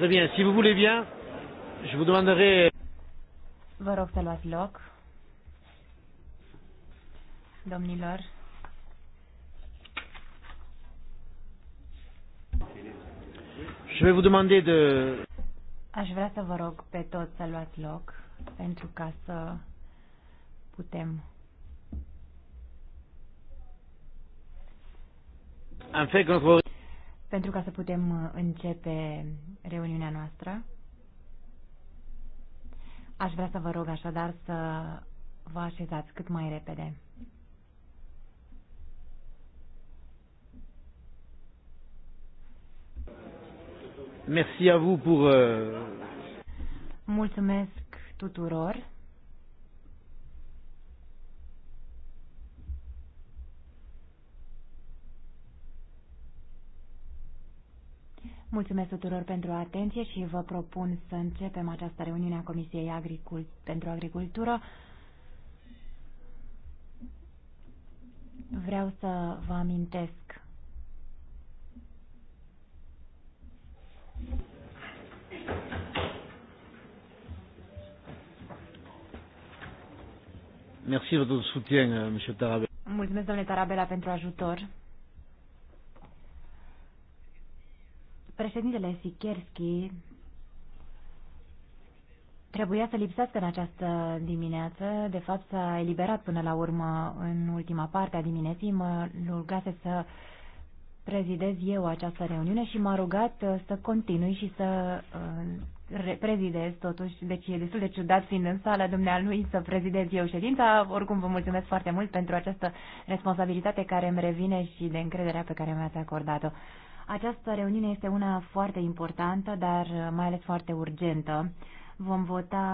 Très bien. Si vous voulez bien, je vous demanderai... Vă rog să luați loc. Domnilor, Je vais vous demander de... Aș vrea să vă rog pe toți să luați loc pentru ca să putem... Am fait contre pentru ca să putem uh, începe reuniunea noastră. Aș vrea să vă rog așadar să vă așezați cât mai repede. Merci à vous pour... Euh, Mulțumesc tuturor. Mulțumesc tuturor pentru atenție și vă propun să începem această reuniune a Comisiei Agricul pentru Agricultură. Vreau să vă amintesc euh, Mulțumesc, domnule Tarabela, pentru ajutor. Președintele Sikerski trebuia să lipsească în această dimineață. De fapt, s-a eliberat până la urmă în ultima parte a dimineții. Mă rugase să prezidez eu această reuniune și m-a rugat uh, să continui și să uh, prezidez totuși, deci e destul de ciudat fiind în sala dumnealui să prezidez eu ședința. Oricum vă mulțumesc foarte mult pentru această responsabilitate care îmi revine și de încrederea pe care mi-ați acordat-o. Această reuniune este una foarte importantă, dar mai ales foarte urgentă. Vom vota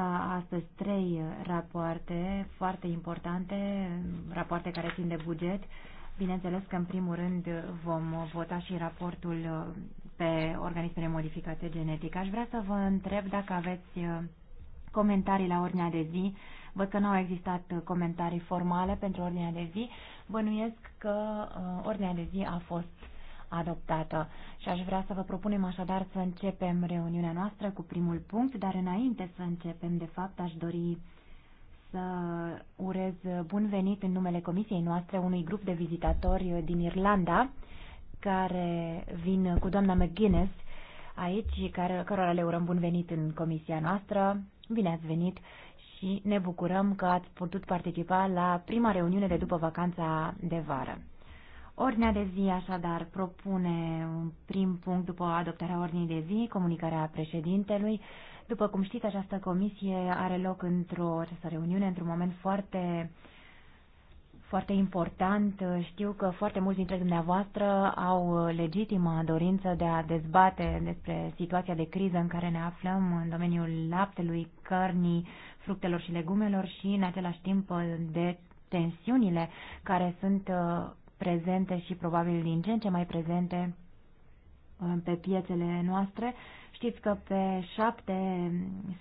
astăzi trei rapoarte foarte importante, rapoarte care țin de buget. Bineînțeles că, în primul rând, vom vota și raportul pe organismele modificate genetic. Aș vrea să vă întreb dacă aveți uh, comentarii la ordinea de zi. Văd că nu au existat uh, comentarii formale pentru ordinea de zi. Bănuiesc că uh, ordinea de zi a fost adoptată. Și aș vrea să vă propunem așadar să începem reuniunea noastră cu primul punct, dar înainte să începem, de fapt, aș dori să urez bun venit în numele comisiei noastre unui grup de vizitatori din Irlanda care vin cu doamna McGuinness aici, care, cărora le urăm bun venit în comisia noastră. Bine ați venit și ne bucurăm că ați putut participa la prima reuniune de după vacanța de vară. Ordinea de zi, așadar, propune un prim punct după adoptarea ordinii de zi, comunicarea președintelui. După cum știți, această comisie are loc într-o această reuniune, într-un moment foarte foarte important. Știu că foarte mulți dintre dumneavoastră au legitima dorință de a dezbate despre situația de criză în care ne aflăm în domeniul laptelui, cărnii, fructelor și legumelor și în același timp de tensiunile care sunt prezente și probabil din ce în ce mai prezente uh, pe piețele noastre. Știți că pe 7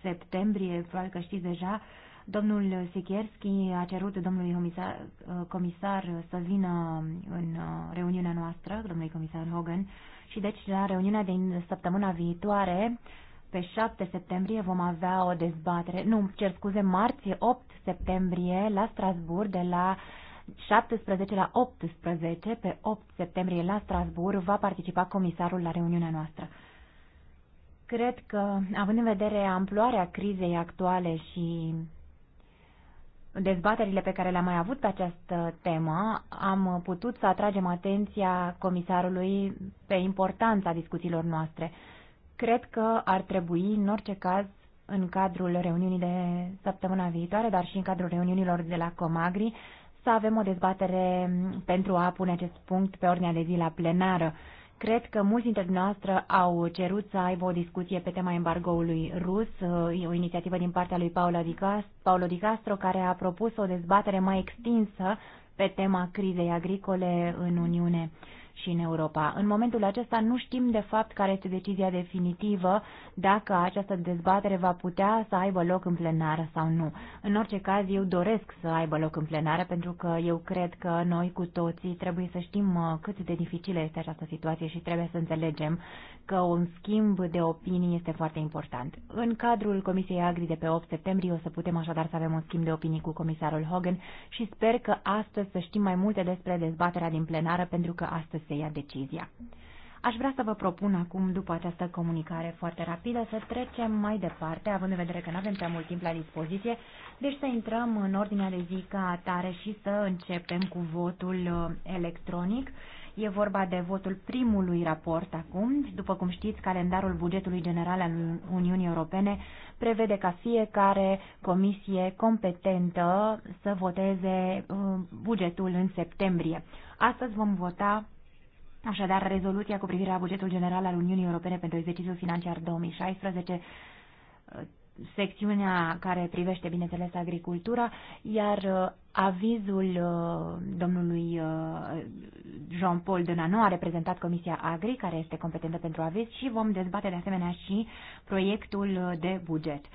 septembrie, probabil că știți deja, domnul Sikierski a cerut domnului comisar, uh, comisar să vină în uh, reuniunea noastră, domnului comisar Hogan, și deci la reuniunea din săptămâna viitoare, pe 7 septembrie, vom avea o dezbatere, nu, cer scuze, marți 8 septembrie la Strasburg de la 17 la 18, pe 8 septembrie la Strasbourg, va participa comisarul la reuniunea noastră. Cred că, având în vedere amploarea crizei actuale și dezbaterile pe care le-am mai avut pe această temă, am putut să atragem atenția comisarului pe importanța discuțiilor noastre. Cred că ar trebui, în orice caz, în cadrul reuniunii de săptămâna viitoare, dar și în cadrul reuniunilor de la Comagri, să avem o dezbatere pentru a pune acest punct pe ordinea de zi la plenară. Cred că mulți dintre noastre au cerut să aibă o discuție pe tema embargoului rus, o inițiativă din partea lui Paulo Di Castro, care a propus o dezbatere mai extinsă pe tema crizei agricole în Uniune și în Europa. În momentul acesta nu știm de fapt care este decizia definitivă, dacă această dezbatere va putea să aibă loc în plenară sau nu. În orice caz, eu doresc să aibă loc în plenară, pentru că eu cred că noi cu toții trebuie să știm uh, cât de dificilă este această situație și trebuie să înțelegem că un schimb de opinii este foarte important. În cadrul Comisiei Agri de pe 8 septembrie o să putem așadar să avem un schimb de opinii cu comisarul Hogan și sper că astăzi să știm mai multe despre dezbaterea din plenară, pentru că astăzi se ia decizia. Aș vrea să vă propun acum, după această comunicare foarte rapidă, să trecem mai departe, având în vedere că nu avem prea mult timp la dispoziție, deci să intrăm în ordinea de zi ca atare și să începem cu votul uh, electronic. E vorba de votul primului raport acum. După cum știți, calendarul bugetului general al Uniunii Europene prevede ca fiecare comisie competentă să voteze uh, bugetul în septembrie. Astăzi vom vota Așadar, rezoluția cu privire la bugetul general al Uniunii Europene pentru exercițiul financiar 2016 uh, secțiunea care privește, bineînțeles, agricultura, iar uh, avizul uh, domnului Jean-Paul Denano a reprezentat Comisia Agri, care este competentă pentru aviz, și vom dezbate de asemenea și proiectul de buget.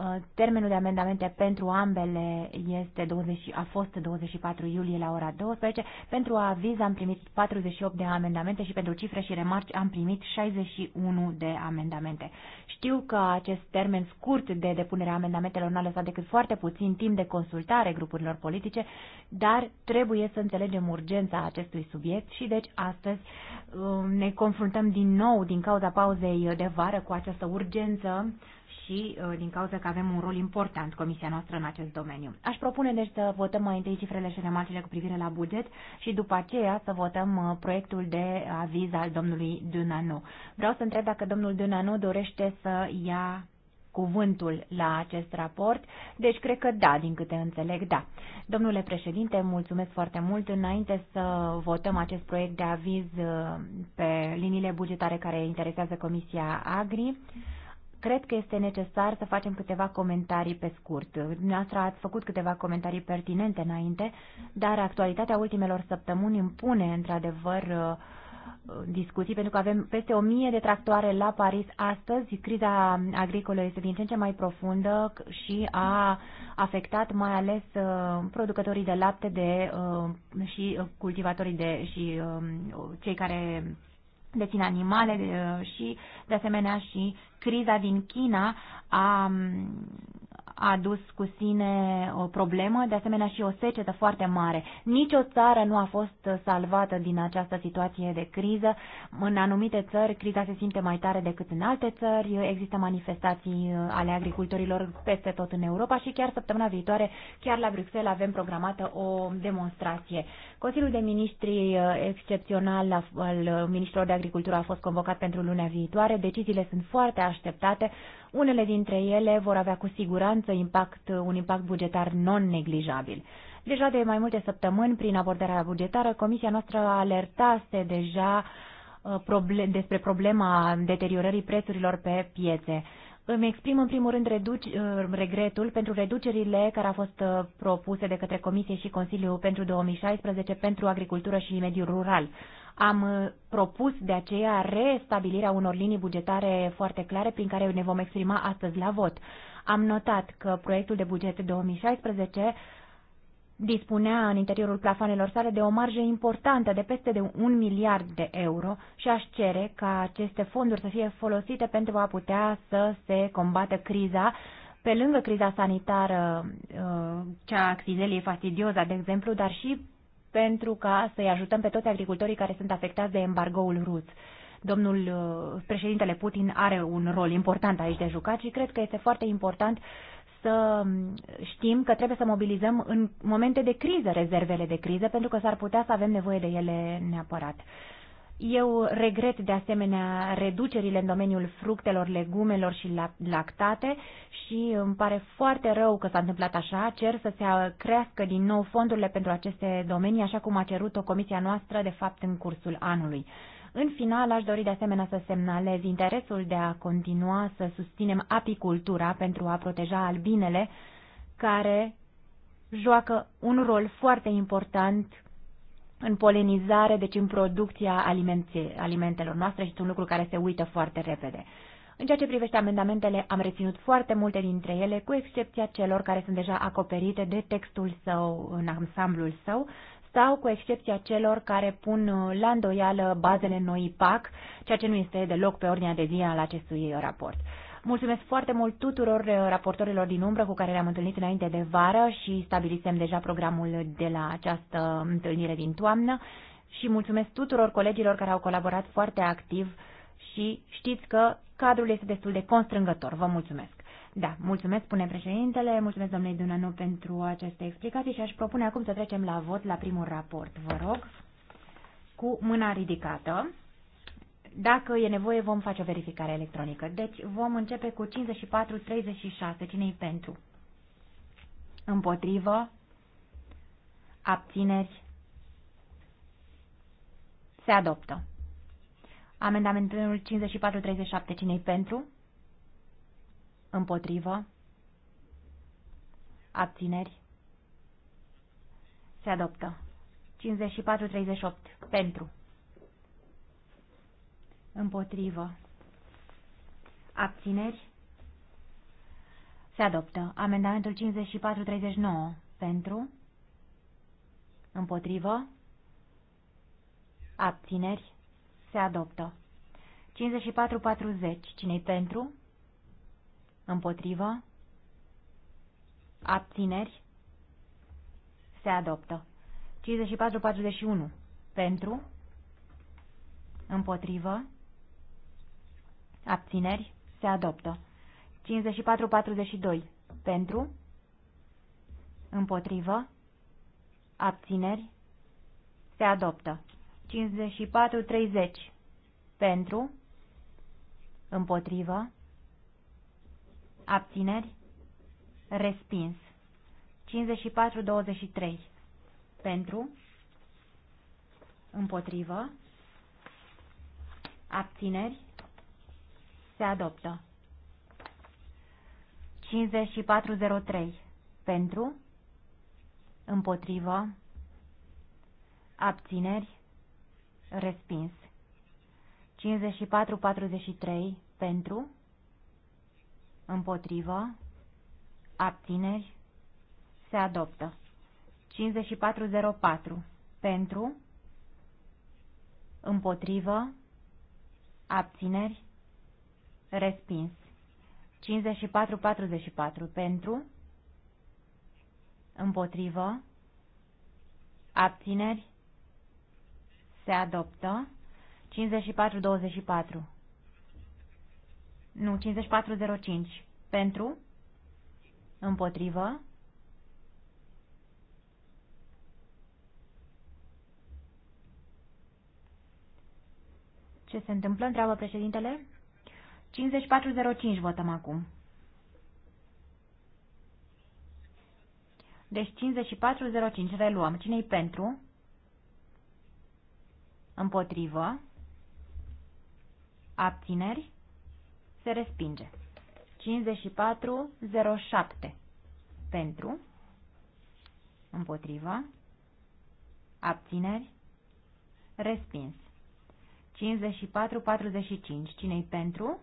Uh, termenul de amendamente pentru ambele este 20, a fost 24 iulie la ora 12. Pentru aviz am primit 48 de amendamente și pentru cifre și remarci am primit 61 de amendamente. Știu că acest termen scurt de depunere a amendamentelor n-a lăsat decât foarte puțin timp de consultare grupurilor politice, dar trebuie să înțelegem urgența acestui subiect și deci astăzi uh, ne confruntăm din nou din cauza pauzei de vară cu această urgență și uh, din cauza că avem un rol important comisia noastră în acest domeniu. Aș propune deci să votăm mai întâi cifrele și remarcile cu privire la buget și după aceea să votăm uh, proiectul de aviz al domnului Dunanu. Vreau să întreb dacă domnul Dunanu dorește să ia cuvântul la acest raport, deci cred că da, din câte înțeleg, da. Domnule președinte, mulțumesc foarte mult. Înainte să votăm acest proiect de aviz uh, pe liniile bugetare care interesează Comisia Agri, Cred că este necesar să facem câteva comentarii pe scurt. Dumneavoastră ați făcut câteva comentarii pertinente înainte, dar actualitatea ultimelor săptămâni impune, într-adevăr, uh, uh, discuții, pentru că avem peste o mie de tractoare la Paris astăzi. Criza agricolă este din ce în ce mai profundă și a afectat mai ales uh, producătorii de lapte de, și cultivatorii de, și um, cei care dețin animale uh, și, de asemenea, și criza din China a a adus cu sine o problemă, de asemenea și o secetă foarte mare. Nici o țară nu a fost salvată din această situație de criză. În anumite țări criza se simte mai tare decât în alte țări. Există manifestații ale agricultorilor peste tot în Europa și chiar săptămâna viitoare, chiar la Bruxelles, avem programată o demonstrație. Consiliul de Ministri excepțional al Ministrilor de Agricultură a fost convocat pentru lunea viitoare. Deciziile sunt foarte așteptate. Unele dintre ele vor avea cu siguranță impact, un impact bugetar non-neglijabil. Deja de mai multe săptămâni, prin abordarea bugetară, Comisia noastră alertase deja uh, despre problema deteriorării prețurilor pe piețe. Îmi exprim în primul rând reduci, uh, regretul pentru reducerile care au fost uh, propuse de către Comisie și Consiliu pentru 2016 pentru agricultură și mediul rural. Am uh, propus de aceea restabilirea unor linii bugetare foarte clare prin care ne vom exprima astăzi la vot. Am notat că proiectul de buget 2016 dispunea în interiorul plafanelor sale de o marjă importantă de peste de un miliard de euro și aș cere ca aceste fonduri să fie folosite pentru a putea să se combată criza, pe lângă criza sanitară, uh, cea a crizelei fastidioza, de exemplu, dar și pentru ca să-i ajutăm pe toți agricultorii care sunt afectați de embargoul rus. Domnul uh, președintele Putin are un rol important aici de jucat și cred că este foarte important să știm că trebuie să mobilizăm în momente de criză rezervele de criză, pentru că s-ar putea să avem nevoie de ele neapărat. Eu regret de asemenea reducerile în domeniul fructelor, legumelor și lactate și îmi pare foarte rău că s-a întâmplat așa. Cer să se crească din nou fondurile pentru aceste domenii, așa cum a cerut-o comisia noastră, de fapt, în cursul anului. În final, aș dori de asemenea să semnalez interesul de a continua să susținem apicultura pentru a proteja albinele, care joacă un rol foarte important în polenizare, deci în producția alimentelor noastre și este un lucru care se uită foarte repede. În ceea ce privește amendamentele, am reținut foarte multe dintre ele, cu excepția celor care sunt deja acoperite de textul său în ansamblul său, sau cu excepția celor care pun uh, la îndoială bazele noii PAC, ceea ce nu este deloc pe ordinea de zi al acestui raport. Mulțumesc foarte mult tuturor uh, raportorilor din umbră cu care le-am întâlnit înainte de vară și stabilisem deja programul de la această întâlnire din toamnă și mulțumesc tuturor colegilor care au colaborat foarte activ și știți că cadrul este destul de constrângător. Vă mulțumesc! Da, mulțumesc, spune președintele, mulțumesc domnului Dunanu pentru aceste explicații și aș propune acum să trecem la vot la primul raport, vă rog, cu mâna ridicată. Dacă e nevoie, vom face o verificare electronică. Deci vom începe cu 54-36. Cine-i pentru? Împotrivă? Abțineri? Se adoptă. Amendamentul 54-37. Cine-i pentru? Împotrivă. Abțineri. Se adoptă. 54-38. Pentru. Împotrivă. Abțineri. Se adoptă. Amendamentul 54-39. Pentru. Împotrivă. Abțineri. Se adoptă. 54-40. Cine-i pentru? Împotrivă? Abțineri? Se adoptă. 54-41. Pentru? Împotrivă? Abțineri? Se adoptă. 54-42. Pentru? Împotrivă? Abțineri? Se adoptă. 54-30. Pentru? Împotrivă? Abțineri? Respins. 54-23. Pentru? Împotrivă? Abțineri? Se adoptă. 54-03. Pentru? Împotrivă? Abțineri? Respins. 54-43. Pentru? Împotrivă. Abțineri. Se adoptă. 5404. Pentru. Împotrivă. Abțineri. Respins. 5444. Pentru. Împotrivă. Abțineri. Se adoptă. 5424. Nu, 5405. Pentru? Împotrivă? Ce se întâmplă? Întreabă președintele. 5405 votăm acum. Deci 5405 reluăm. Cine-i pentru? Împotrivă? Abțineri? se respinge. 5407 pentru, împotriva, abțineri, respins. 5445 cine-i pentru,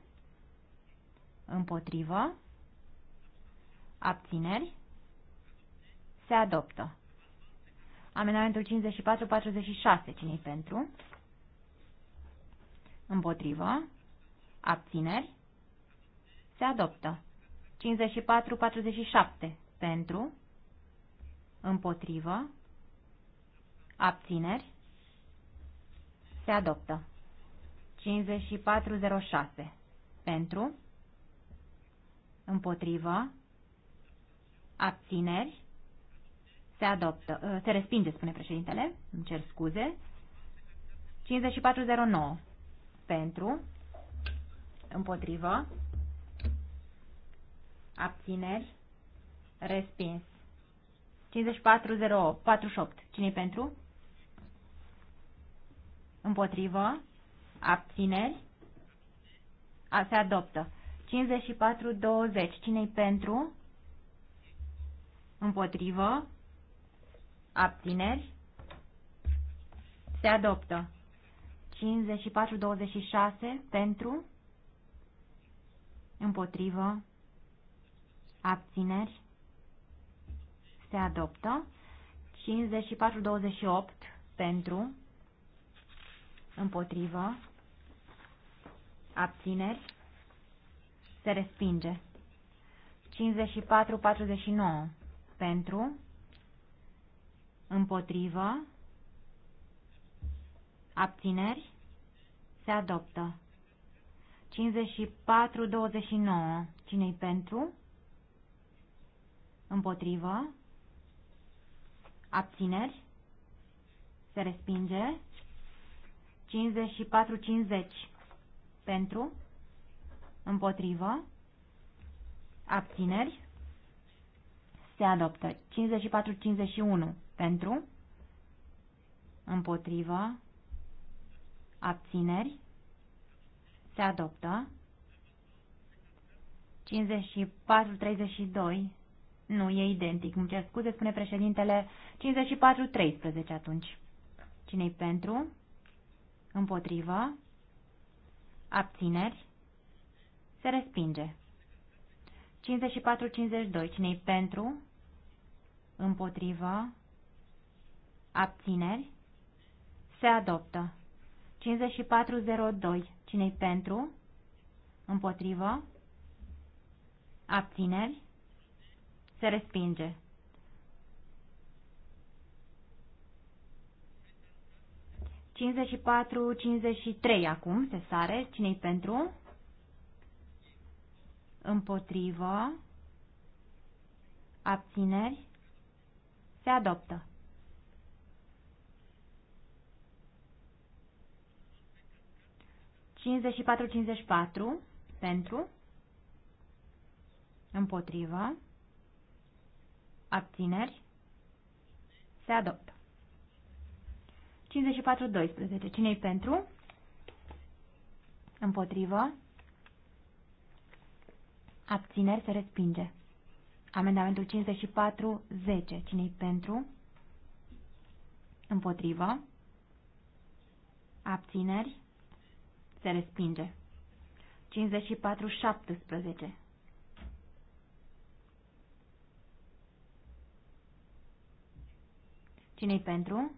împotriva, abțineri, se adoptă. Amenamentul 5446 cine-i pentru, împotriva, abțineri, se adoptă. 54-47 pentru, împotrivă, abțineri, se adoptă. 54-06 pentru, împotrivă, abțineri, se adoptă, ă, se respinge, spune președintele, îmi cer scuze. 5409 pentru, împotrivă, abțineri, respins. 54 48. cine pentru? Împotrivă. Abțineri. A, se adoptă. 54 20. Cine-i pentru? Împotrivă. Abțineri. Se adoptă. 54 26. Pentru. Împotrivă abțineri, se adoptă. 54-28 pentru, împotrivă, abțineri, se respinge. 54-49 pentru, împotrivă, abțineri, se adoptă. 54-29 cine-i pentru? Împotrivă. Abțineri. Se respinge. 54-50. Pentru. Împotrivă. Abțineri. Se adoptă. 54-51. Pentru. Împotrivă. Abțineri. Se adoptă. 54-32 nu, e identic. Îmi cer scuze, spune președintele 54-13 atunci. Cine-i pentru? Împotrivă? Abțineri? Se respinge. 54-52. Cine-i pentru? Împotrivă? Abțineri? Se adoptă. 54-02. Cine-i pentru? Împotrivă? Abțineri? Se respinge. Cincizeci patru, cincizeci trei acum se sare. Cine-i pentru? Împotrivă. Abțineri. Se adoptă. 54-54 pentru, împotrivă, Abțineri? Se adoptă. 54-12. cine e pentru? Împotrivă? Abțineri se respinge. Amendamentul 54-10. cine e pentru? Împotrivă? Abțineri? Se respinge. 54-17. Cine-i pentru?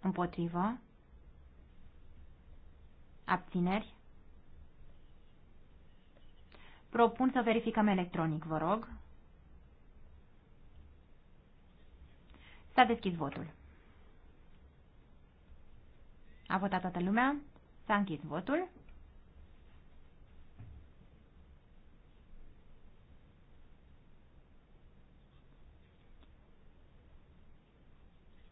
Împotrivă. Abțineri. Propun să verificăm electronic, vă rog. S-a deschis votul. A votat toată lumea. S-a închis votul.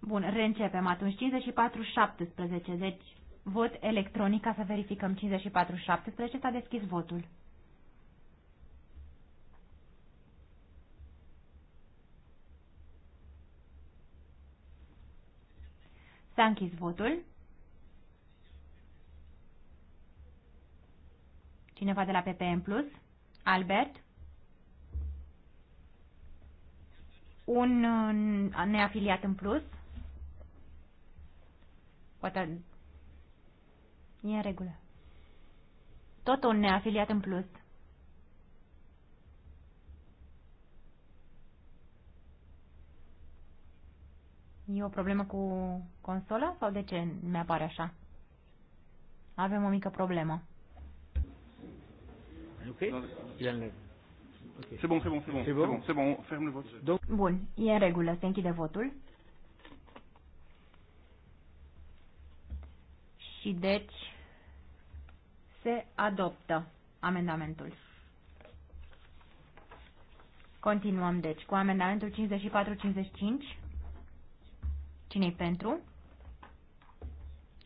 Bun, reîncepem atunci. 54-17, deci vot electronic ca să verificăm 54-17. S-a deschis votul. S-a închis votul. Cineva de la PPM Plus? Albert? Un uh, neafiliat în plus? Poate e în regulă. Tot un neafiliat în plus. E o problemă cu consola sau de ce mi-apare așa? Avem o mică problemă. Okay. C'est bon, c'est bon, c'est bon, c'est bon, c'est bon, Bun, e în regulă, se închide votul. și deci se adoptă amendamentul. Continuăm deci cu amendamentul 54-55. Cine-i pentru?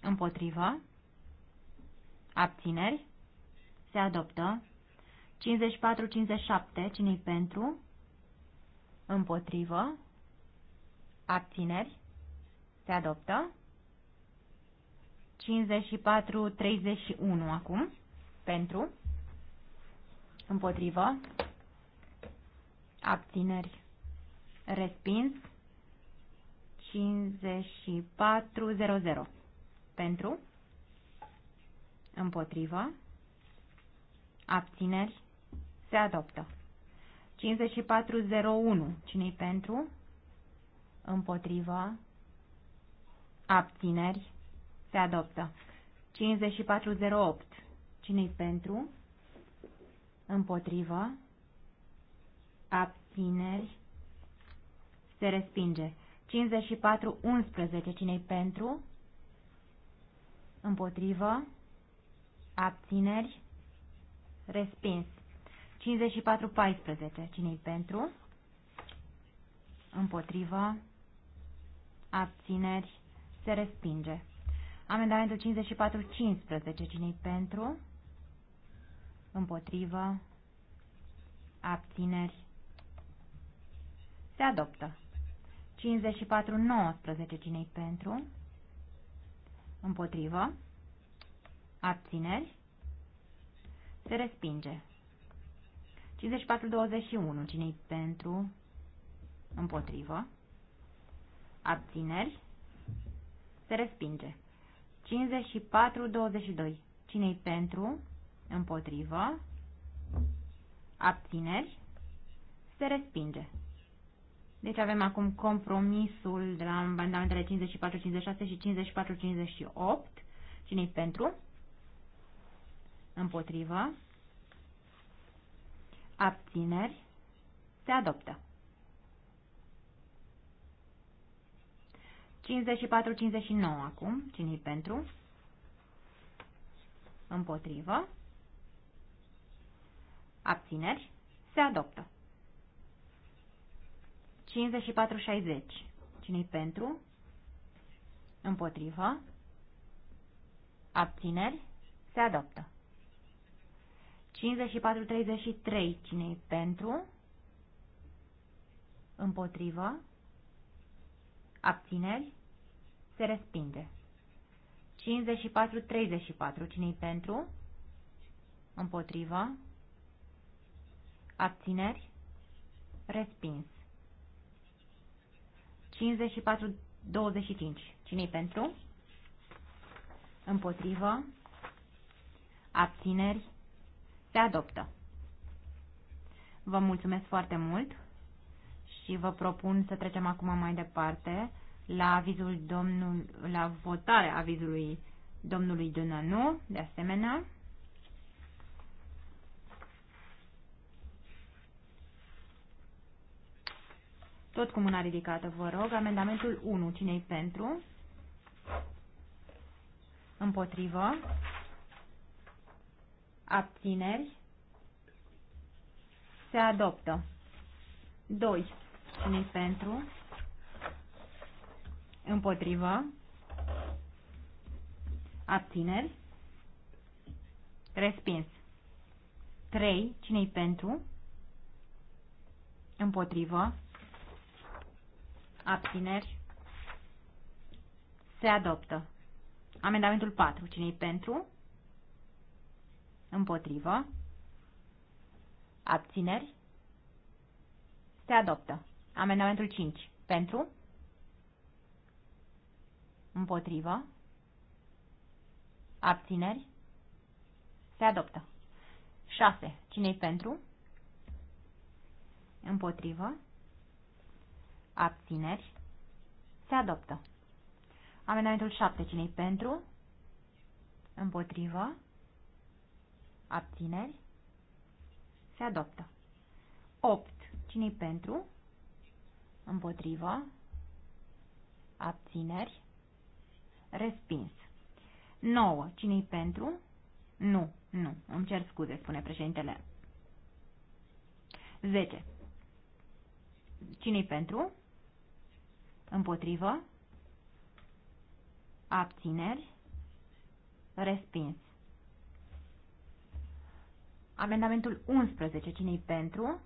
Împotrivă? Abțineri? Se adoptă. 54-57. Cine-i pentru? Împotrivă? Abțineri? Se adoptă. 54-31 acum. Pentru. Împotrivă. Abțineri. Respins. 54-00. Pentru. Împotrivă. Abțineri. Se adoptă. 5401. Cine-i pentru? Împotrivă. Abțineri. Se adoptă. 5408. Cine-i pentru? Împotrivă. Abțineri. Se respinge. 5411. Cine-i pentru? Împotrivă. Abțineri. Respins. 5414. Cine-i pentru? Împotrivă. Abțineri. Se respinge. Amendamentul 54, 15. Cine-i pentru? Împotrivă? Abțineri? Se adoptă. 54, 19. Cine-i pentru? Împotrivă? Abțineri? Se respinge. 54, 21. Cine-i pentru? Împotrivă? Abțineri? Se respinge. 54-22. Cine-i pentru? Împotrivă. Abțineri. Se respinge. Deci avem acum compromisul de la amendamentele 54-56 și 54-58. Cine-i pentru? Împotrivă. Abțineri. Se adoptă. 54-59 acum. Cine-i pentru? Împotrivă. Abțineri. Se adoptă. 54-60. Cine-i pentru? Împotrivă. Abțineri. Se adoptă. 54-33. Cine-i pentru? Împotrivă. Abțineri. Se respinge. 54-34. Cine-i pentru? Împotrivă. Abțineri. Respins. 54-25. Cine-i pentru? Împotrivă. Abțineri. Se adoptă. Vă mulțumesc foarte mult și vă propun să trecem acum mai departe la avizul domnul, la votarea avizului domnului Donanu, de asemenea. Tot cu mâna ridicată, vă rog, amendamentul 1, cine pentru? Împotrivă. Abțineri. Se adoptă. 2. cine pentru? Împotrivă. Abțineri. Respins. 3. Cine-i pentru? Împotrivă. Abțineri. Se adoptă. Amendamentul 4. Cine-i pentru? Împotrivă. Abțineri. Se adoptă. Amendamentul 5. Pentru? Împotrivă. Abțineri. Se adoptă. 6. Cine-i pentru? Împotrivă. Abțineri. Se adoptă. Amendamentul 7. Cine-i pentru? Împotrivă. Abțineri. Se adoptă. 8. Cine-i pentru? Împotrivă. Abțineri. Respins. 9. Cine-i pentru? Nu, nu, îmi cer scuze, spune președintele. 10. Cine-i pentru? Împotrivă? Abțineri? Respins. Amendamentul 11. Cine-i pentru?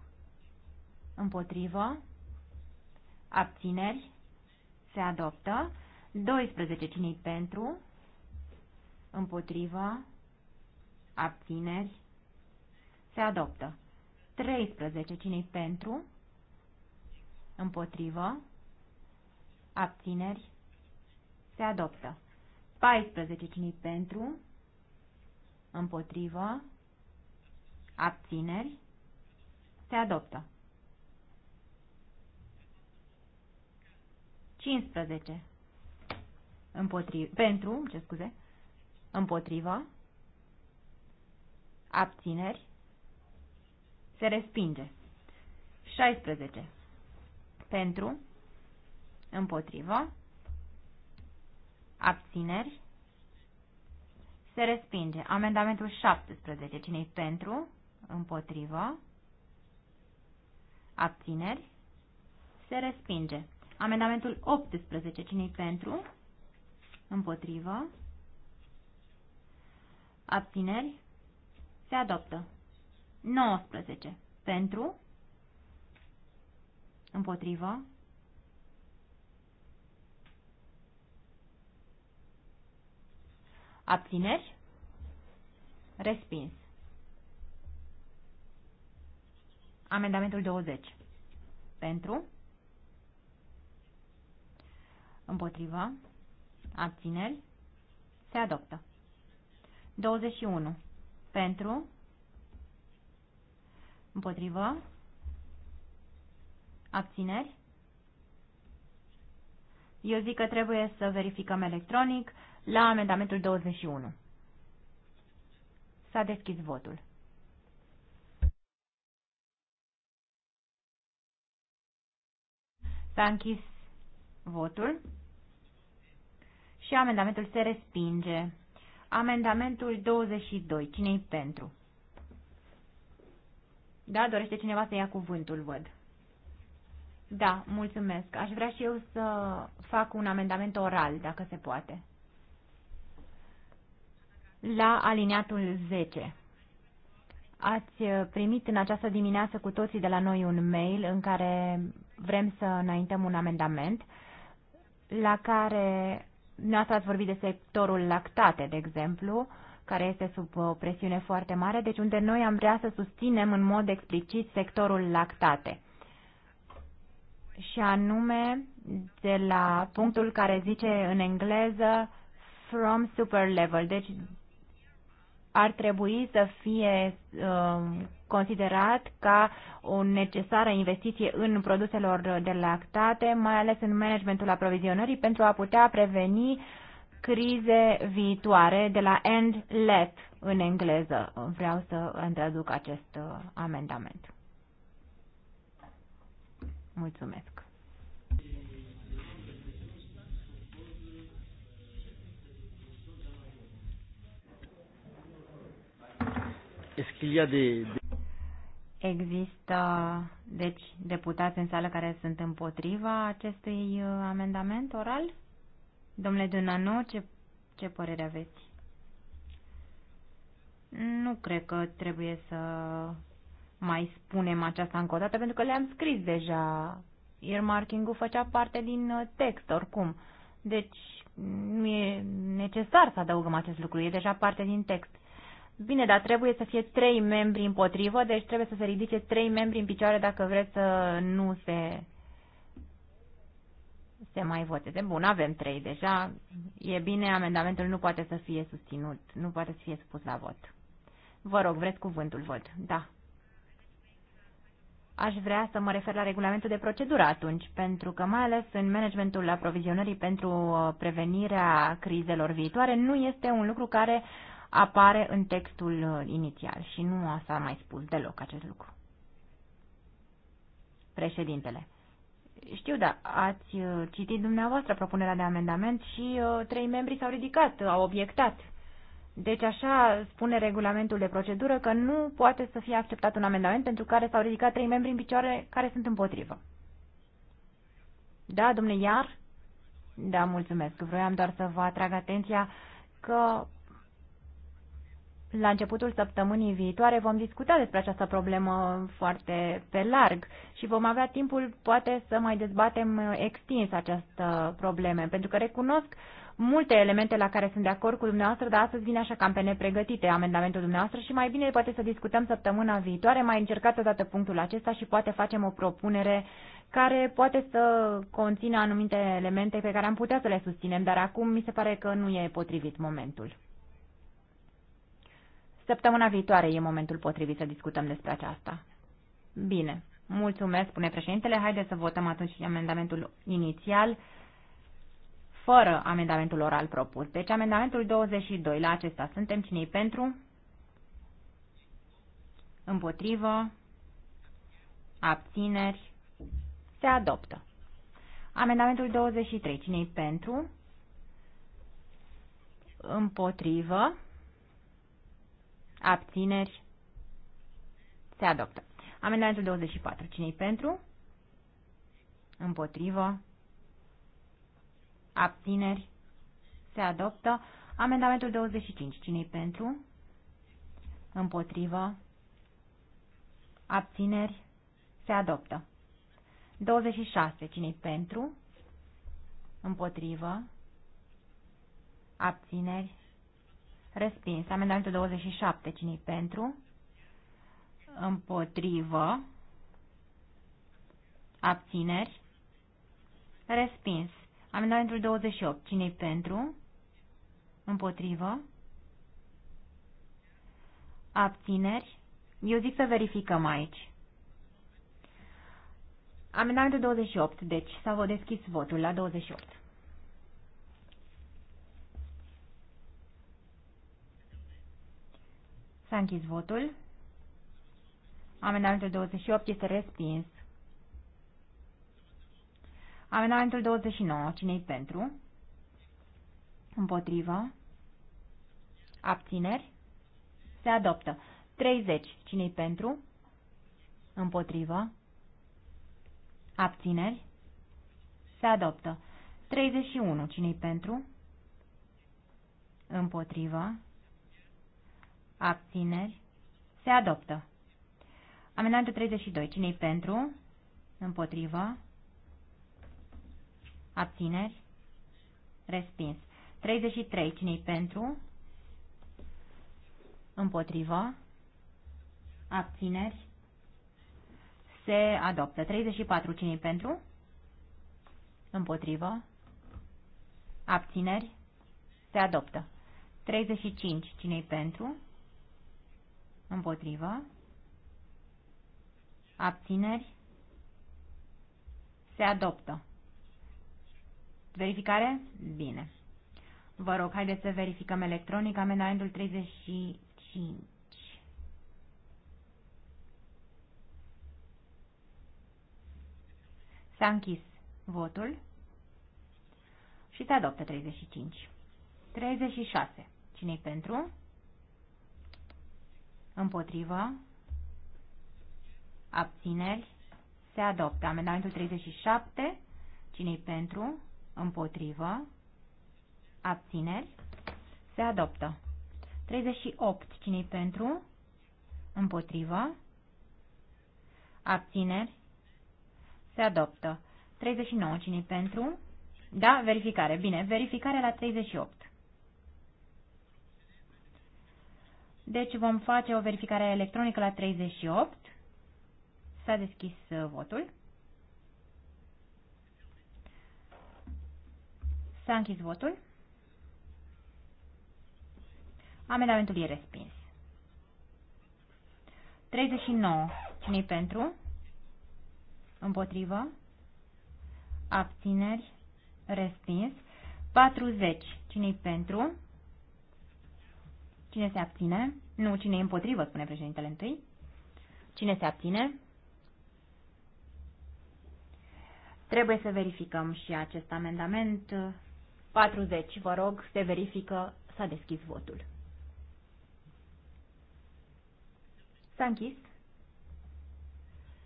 Împotrivă? Abțineri? Se adoptă. 12. cine pentru? Împotriva? Abțineri? Se adoptă. 13. cine pentru? Împotrivă? Abțineri? Se adoptă. 14. cine pentru? Împotrivă? Abțineri? Se adoptă. 15 împotriv, pentru, ce scuze, împotriva, abțineri, se respinge. 16. Pentru, împotriva, abțineri, se respinge. Amendamentul 17. Cine-i pentru, împotriva, abțineri, se respinge. Amendamentul 18. Cine-i pentru, Împotrivă. Abțineri. Se adoptă. 19. Pentru. Împotrivă. Abțineri. Respins. Amendamentul 20. Pentru. Împotrivă. Abțineri. Se adoptă. 21. Pentru. Împotrivă. Abțineri. Eu zic că trebuie să verificăm electronic la amendamentul 21. S-a deschis votul. S-a închis votul și amendamentul se respinge. Amendamentul 22. cine e pentru? Da, dorește cineva să ia cuvântul, văd. Da, mulțumesc. Aș vrea și eu să fac un amendament oral, dacă se poate. La alineatul 10. Ați primit în această dimineață cu toții de la noi un mail în care vrem să înaintăm un amendament la care nu ați vorbit de sectorul lactate, de exemplu, care este sub o uh, presiune foarte mare, deci unde noi am vrea să susținem în mod explicit sectorul lactate. Și anume de la punctul care zice în engleză from super level, deci ar trebui să fie uh, considerat ca o necesară investiție în produselor de lactate, mai ales în managementul aprovizionării, pentru a putea preveni crize viitoare de la end let în engleză. Vreau să întreduc acest uh, amendament. Mulțumesc. Est-ce qu'il y a des, des... Există, deci, deputați în sală care sunt împotriva acestui uh, amendament oral? Domnule Dunano, ce, ce părere aveți? Nu cred că trebuie să mai spunem aceasta încă o dată, pentru că le-am scris deja. Earmarking-ul făcea parte din uh, text, oricum. Deci, nu e necesar să adăugăm acest lucru, e deja parte din text. Bine, dar trebuie să fie trei membri împotrivă, deci trebuie să se ridice trei membri în picioare dacă vreți să nu se, se mai voteze. Bun, avem trei deja. E bine, amendamentul nu poate să fie susținut, nu poate să fie supus la vot. Vă rog, vreți cuvântul, văd. Da. Aș vrea să mă refer la regulamentul de procedură atunci, pentru că mai ales în managementul aprovizionării pentru uh, prevenirea crizelor viitoare nu este un lucru care uh, apare în textul uh, inițial și nu s-a mai spus deloc acest lucru. Președintele. Știu, dar ați uh, citit dumneavoastră propunerea de amendament și uh, trei membri s-au ridicat, au obiectat. Deci așa spune regulamentul de procedură că nu poate să fie acceptat un amendament pentru care s-au ridicat trei membri în picioare care sunt împotrivă. Da, domnule Iar? Da, mulțumesc. Vroiam doar să vă atrag atenția că la începutul săptămânii viitoare vom discuta despre această problemă foarte pe larg și vom avea timpul poate să mai dezbatem uh, extins această probleme, pentru că recunosc multe elemente la care sunt de acord cu dumneavoastră, dar astăzi vine așa cam pe nepregătite amendamentul dumneavoastră și mai bine poate să discutăm săptămâna viitoare, mai încercați odată punctul acesta și poate facem o propunere care poate să conțină anumite elemente pe care am putea să le susținem, dar acum mi se pare că nu e potrivit momentul. Săptămâna viitoare e momentul potrivit să discutăm despre aceasta. Bine. Mulțumesc, spune președintele. Haideți să votăm atunci amendamentul inițial fără amendamentul oral propus. Deci amendamentul 22 la acesta suntem cine pentru? Împotrivă? Abțineri? Se adoptă. Amendamentul 23 cine pentru? Împotrivă? Abțineri. Se adoptă. Amendamentul 24. Cine-i pentru? Împotrivă. Abțineri. Se adoptă. Amendamentul 25. Cine-i pentru? Împotrivă. Abțineri. Se adoptă. 26. Cine-i pentru? Împotrivă. Abțineri. Respins. Amendamentul 27. Cine-i pentru? Împotrivă. Abțineri. Respins. Amendamentul 28. Cine-i pentru? Împotrivă. Abțineri. Eu zic să verificăm aici. Amendamentul 28. Deci s-a deschis votul la 28. S-a închis votul. Amendamentul 28 este respins. Amendamentul 29. Cine-i pentru? Împotrivă. Abțineri. Se adoptă. 30. Cine-i pentru? Împotrivă. Abțineri. Se adoptă. 31. Cine-i pentru? Împotrivă abțineri, se adoptă. Amendamentul 32. cine pentru? Împotrivă. Abțineri. Respins. 33. cine pentru? Împotrivă. Abțineri. Se adoptă. 34. cine pentru? Împotrivă. Abțineri. Se adoptă. 35. cine pentru? Împotrivă. Abțineri. Se adoptă. Verificare? Bine. Vă rog, haideți să verificăm electronic amendamentul 35. S-a închis votul și se adoptă 35. 36. Cine-i pentru? Împotrivă. Abțineri. Se adoptă. Amendamentul 37. Cine-i pentru? Împotrivă. Abțineri. Se adoptă. 38. Cine-i pentru? Împotrivă. Abțineri. Se adoptă. 39. Cine-i pentru? Da, verificare. Bine, verificare la 38. Deci vom face o verificare electronică la 38. S-a deschis uh, votul. S-a închis votul. Amendamentul e respins. 39. cine pentru? Împotrivă. Abțineri. Respins. 40. cine pentru? Cine se abține? Nu, cine e împotrivă, spune președintele întâi. Cine se abține? Trebuie să verificăm și acest amendament. 40, vă rog, se verifică, s-a deschis votul. S-a închis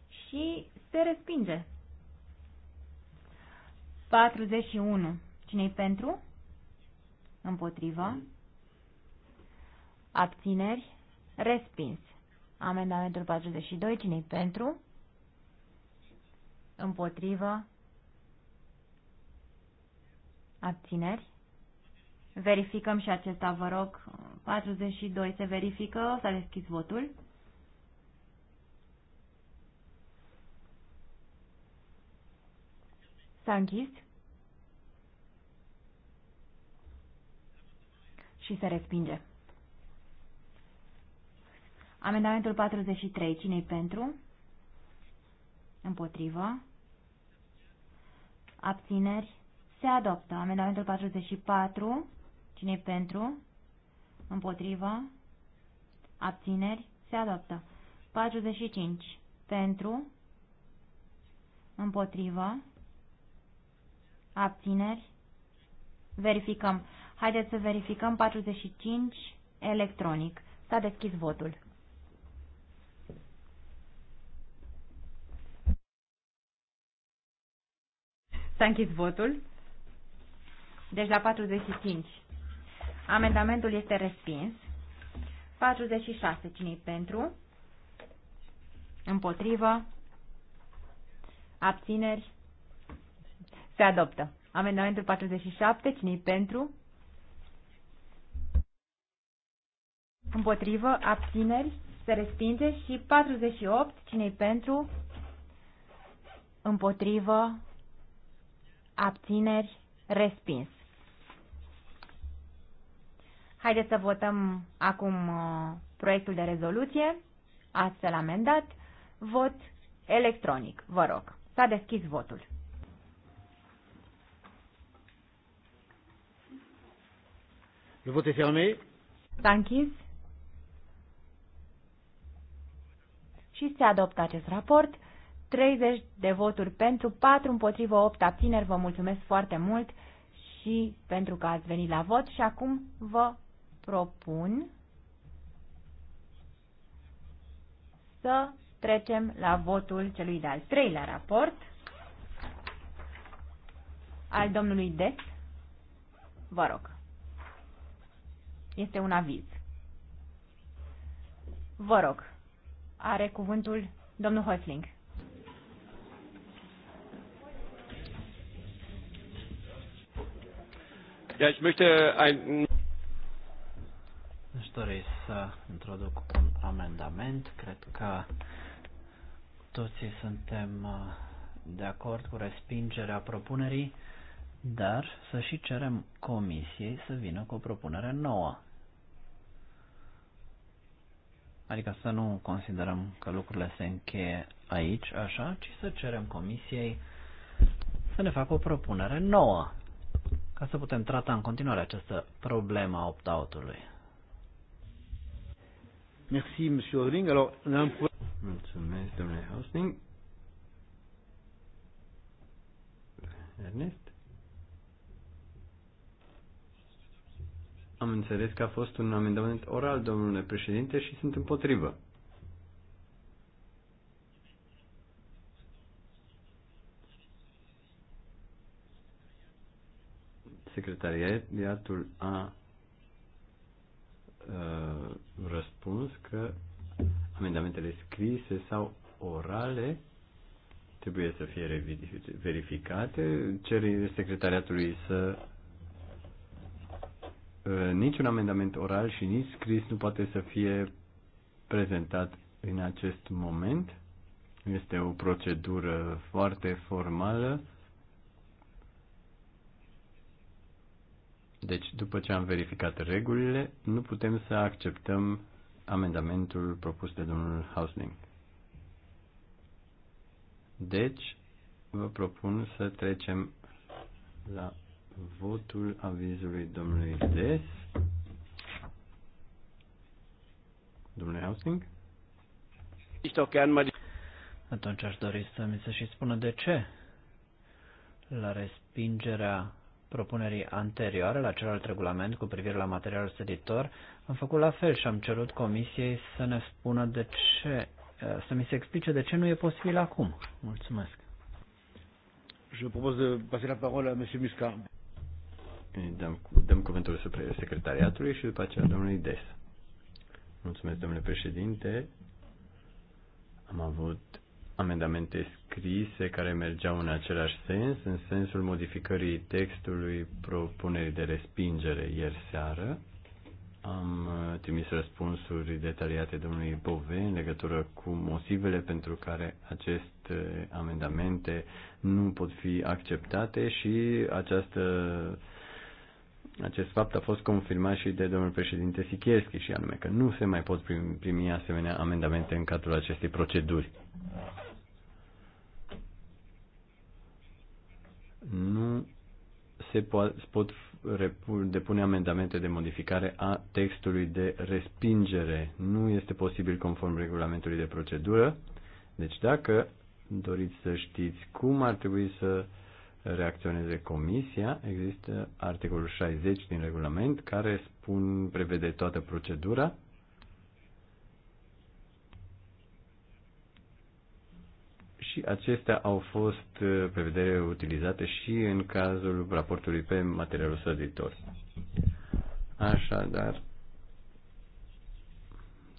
și se respinge. 41. Cine-i pentru? Împotriva. Abțineri? Respins. Amendamentul 42. Cine-i pentru? Împotrivă? Abțineri? Verificăm și acesta, vă rog. 42 se verifică. S-a deschis votul. S-a închis. Și se respinge. Amendamentul 43. Cine-i pentru? Împotrivă. Abțineri. Se adoptă. Amendamentul 44. Cine-i pentru? Împotrivă. Abțineri. Se adoptă. 45. Pentru. Împotrivă. Abțineri. Verificăm. Haideți să verificăm 45 electronic. S-a deschis votul. S-a închis votul. Deci la 45. Amendamentul este respins. 46. cine pentru? Împotrivă? Abțineri? Se adoptă. Amendamentul 47. cine pentru? Împotrivă? Abțineri? Se respinge. Și 48. cine pentru? Împotrivă? abțineri, respins. Haideți să votăm acum uh, proiectul de rezoluție, astfel amendat, vot electronic, vă rog. S-a deschis votul. Le vot est fermé. S-a închis. Și se adoptă acest raport. 30 de voturi pentru, 4 împotrivă, 8 abțineri. Vă mulțumesc foarte mult și pentru că ați venit la vot și acum vă propun să trecem la votul celui de-al treilea raport al domnului Des. Vă rog. Este un aviz. Vă rog. Are cuvântul domnul Hoisling. Ja, ich möchte ein... Aș dori să introduc un amendament. Cred că toții suntem uh, de acord cu respingerea propunerii, dar să și cerem comisiei să vină cu o propunere nouă. Adică să nu considerăm că lucrurile se încheie aici, așa, ci să cerem comisiei să ne facă o propunere nouă ca să putem trata în continuare această problemă a opt-out-ului. Merci, Alors, un Mulțumesc, domnule hosting. Ernest? Am înțeles că a fost un amendament oral, domnule președinte, și sunt împotrivă. secretariatul a uh, răspuns că amendamentele scrise sau orale trebuie să fie verificate. Cere secretariatului să uh, niciun amendament oral și nici scris nu poate să fie prezentat în acest moment. Este o procedură foarte formală Deci, după ce am verificat regulile, nu putem să acceptăm amendamentul propus de domnul Hausling. Deci, vă propun să trecem la votul avizului domnului Des. Domnule Hausling? Atunci aș dori să mi se și spună de ce la respingerea propunerii anterioare la celălalt regulament cu privire la materialul seditor, am făcut la fel și am cerut comisiei să ne spună de ce, eh, să mi se explice de ce nu e posibil acum. Mulțumesc. Je propose de passer la parole à M. Muscat. Dăm, dăm cuvântul secretariatului și după aceea domnului Des. Mulțumesc, domnule președinte. Am avut amendamente scrise care mergeau în același sens, în sensul modificării textului propunerii de respingere ieri seară. Am uh, trimis răspunsuri detaliate domnului Bove în legătură cu motivele pentru care aceste uh, amendamente nu pot fi acceptate și această acest fapt a fost confirmat și de domnul președinte Sikierski și anume că nu se mai pot primi asemenea amendamente în cadrul acestei proceduri. nu se pot depune amendamente de modificare a textului de respingere. Nu este posibil conform regulamentului de procedură. Deci dacă doriți să știți cum ar trebui să reacționeze comisia, există articolul 60 din regulament care spun, prevede toată procedura și acestea au fost uh, pe vedere utilizate și în cazul raportului pe materialul săditor. Așadar,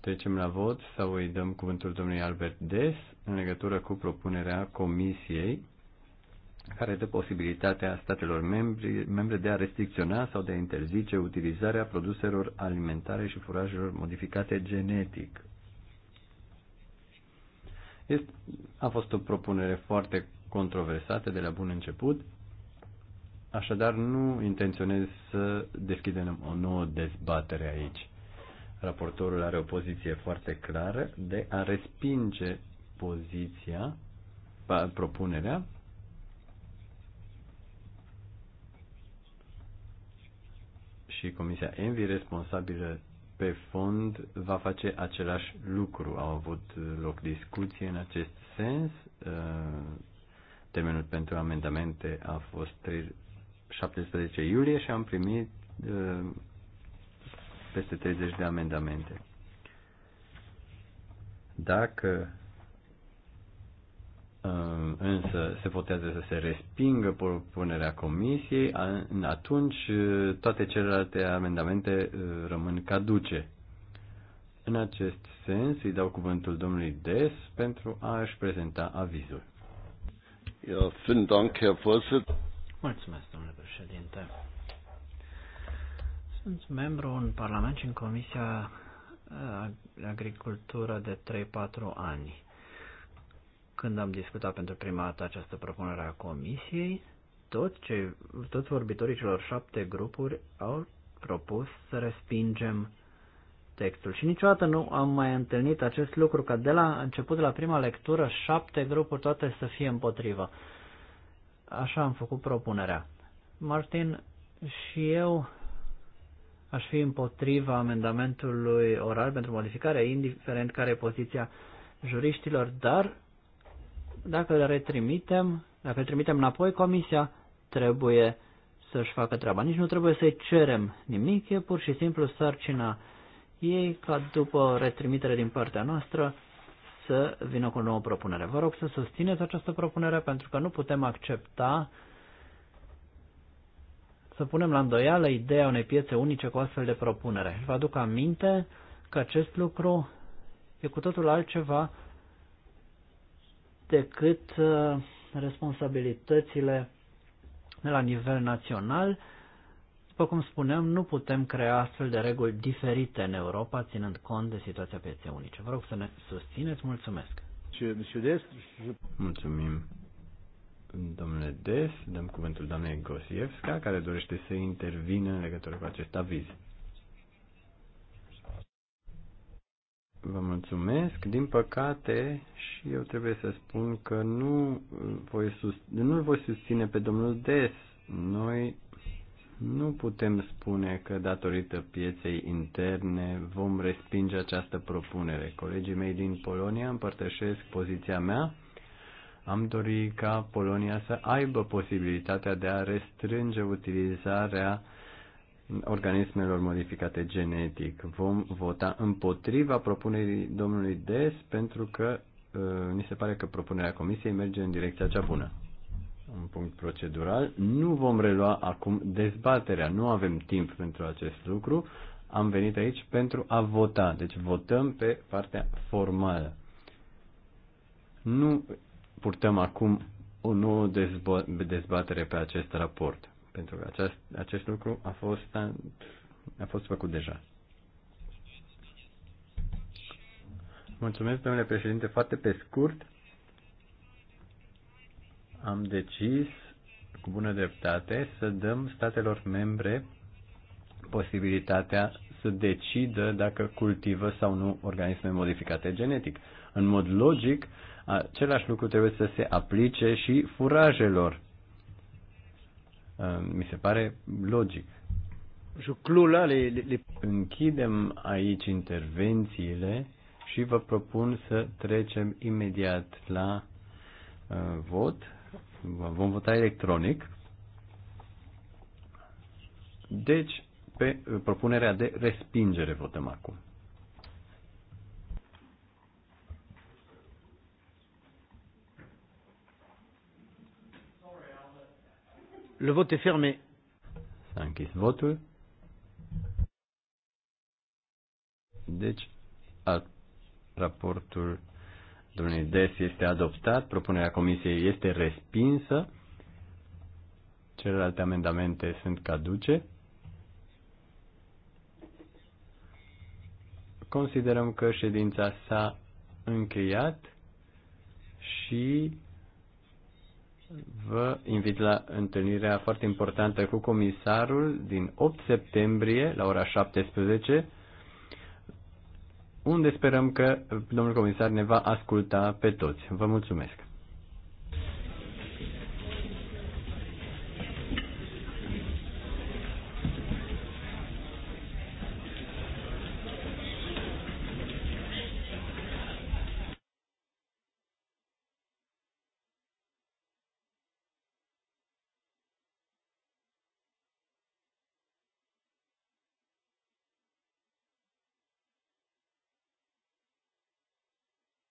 trecem la vot sau îi dăm cuvântul domnului Albert Des în legătură cu propunerea Comisiei care dă posibilitatea statelor membri, membre de a restricționa sau de a interzice utilizarea produselor alimentare și furajelor modificate genetic este, a fost o propunere foarte controversată de la bun început, așadar nu intenționez să deschidem o nouă dezbatere aici. Raportorul are o poziție foarte clară de a respinge poziția, propunerea și Comisia Envi responsabilă pe fond va face același lucru. Au avut loc discuții în acest sens. Uh, termenul pentru amendamente a fost 17 iulie și am primit uh, peste 30 de amendamente. Dacă însă se votează să se respingă propunerea comisiei, atunci toate celelalte amendamente rămân caduce. În acest sens, îi dau cuvântul domnului Des pentru a-și prezenta avizul. Ja, vielen Dank, Herr Vorsitzender. Mulțumesc, domnule președinte. Sunt membru în Parlament și în Comisia Agricultură de 3-4 ani când am discutat pentru prima dată această propunere a Comisiei, tot ce, toți vorbitorii celor șapte grupuri au propus să respingem textul. Și niciodată nu am mai întâlnit acest lucru, că de la început, de la prima lectură, șapte grupuri toate să fie împotrivă. Așa am făcut propunerea. Martin, și eu aș fi împotriva amendamentului oral pentru modificare, indiferent care e poziția juriștilor, dar dacă le retrimitem, dacă le trimitem înapoi, comisia trebuie să-și facă treaba. Nici nu trebuie să-i cerem nimic, e pur și simplu sarcina ei ca după retrimitere din partea noastră să vină cu o nouă propunere. Vă rog să susțineți această propunere pentru că nu putem accepta să punem la îndoială ideea unei piețe unice cu astfel de propunere. Vă aduc aminte că acest lucru e cu totul altceva decât uh, responsabilitățile de la nivel național. După cum spuneam, nu putem crea astfel de reguli diferite în Europa, ținând cont de situația pieței unice. Vă rog să ne susțineți. Mulțumesc. Mulțumim. Domnule Des, dăm cuvântul doamnei Gosievska, care dorește să intervină în legătură cu acest aviz. Vă mulțumesc. Din păcate, și eu trebuie să spun că nu voi susține, nu voi susține pe domnul Des. Noi nu putem spune că datorită pieței interne vom respinge această propunere. Colegii mei din Polonia împărtășesc poziția mea. Am dorit ca Polonia să aibă posibilitatea de a restrânge utilizarea organismelor modificate genetic. Vom vota împotriva propunerii domnului Des pentru că uh, ni se pare că propunerea comisiei merge în direcția cea bună. Un punct procedural. Nu vom relua acum dezbaterea. Nu avem timp pentru acest lucru. Am venit aici pentru a vota. Deci votăm pe partea formală. Nu purtăm acum o nouă dezbatere pe acest raport pentru că acest, acest lucru a fost, a, a fost făcut deja. Mulțumesc, domnule președinte, foarte pe scurt. Am decis, cu bună dreptate, să dăm statelor membre posibilitatea să decidă dacă cultivă sau nu organisme modificate genetic. În mod logic, același lucru trebuie să se aplice și furajelor Uh, mi se pare logic. Închidem aici intervențiile și vă propun să trecem imediat la uh, vot. Vom vota electronic. Deci, pe uh, propunerea de respingere votăm acum. Le vot est fermé. S-a închis votul. Deci, a, raportul domnului Des este adoptat, propunerea comisiei este respinsă, celelalte amendamente sunt caduce. Considerăm că ședința s-a încheiat și vă invit la întâlnirea foarte importantă cu comisarul din 8 septembrie la ora 17, unde sperăm că domnul comisar ne va asculta pe toți. Vă mulțumesc!